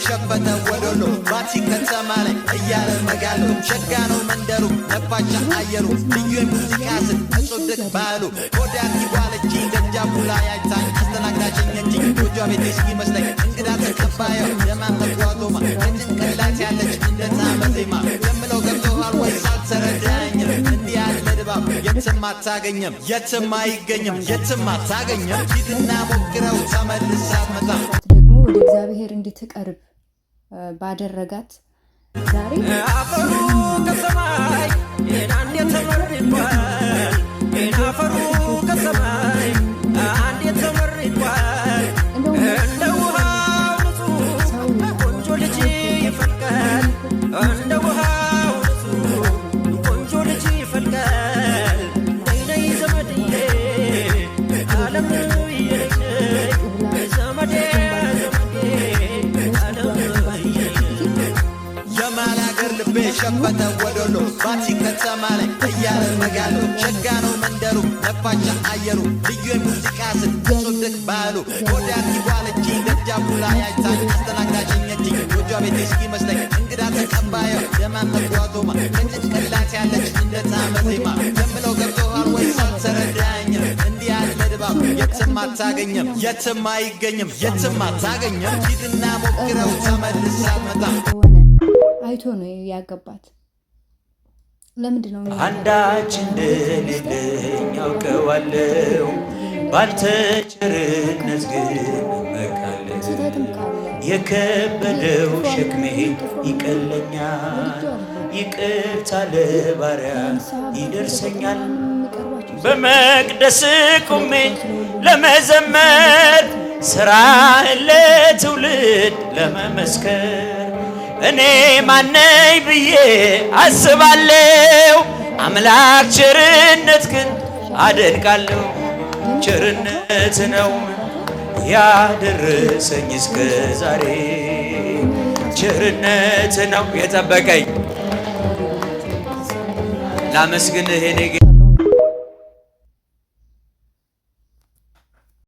የሸፈተ ወዶሎ ባቲ ከተማ ላይ እያለ መጋሉ ሸጋ ነው መንደሩ ነፋሻ አየሩ ልዩ የሙዚቃ ስል እጹድቅ ባህሉ ኮዳት ይባለች ደጃፉ ላይ አይታኝ እንጂ ጎጆ ቤቴ እንግዳ ተቀባየው የማን ተጓዞማ ያለች እንደዛ የምለው ገብቶሃል ወይ ሳልተረዳኝ እንዲህ ያለ ድባብ የትም አታገኘም የትም አይገኝም የትም አታገኘም ሂድና ሞክረው ተመልሳ መጣ ደግሞ ወደ እግዚአብሔር እንድትቀርብ ባደረጋት ዛሬ የሸፈተ ወደሎ ባቲ ከተማ ላይ እያለ መጋሉ ሸጋ ነው መንደሩ ነፋሻ አየሩ ልዩ የሙዚቃ ስል ጽድቅ ባሉ ወዲያ ይባለች ደጃፉ ላይ አይታኝ ጎጆ ቤት እስኪመስለኝ እንግዳ ተቀባዩ የማን መጓቶማ ከንጭ ቀላት ያለች እንደ ጣመ የትም አታገኘም፣ የትም አይገኝም፣ የትም አታገኘም። ሂድና ሞክረው ተመልሳ መጣ አይቶ ነው ያገባት። ለምንድን ነው አንዳች እንደሌለኝ አውቀዋለሁ፣ ባልተቸርነት ግን እመካለሁ። የከበደው ሸክሜ ይቀለኛል፣ ይቅርታ ለባሪያ ይደርሰኛል። በመቅደስ ቁሜ ለመዘመር ስራህን ለትውልድ ለመመስከር እኔ ማነኝ ብዬ አስባለሁ። አምላክ ቸርነት ግን አደንቃለሁ። ቸርነት ነው ያደረሰኝ እስከ ዛሬ ቸርነት ነው የጠበቀኝ። ላመስግንህ እኔ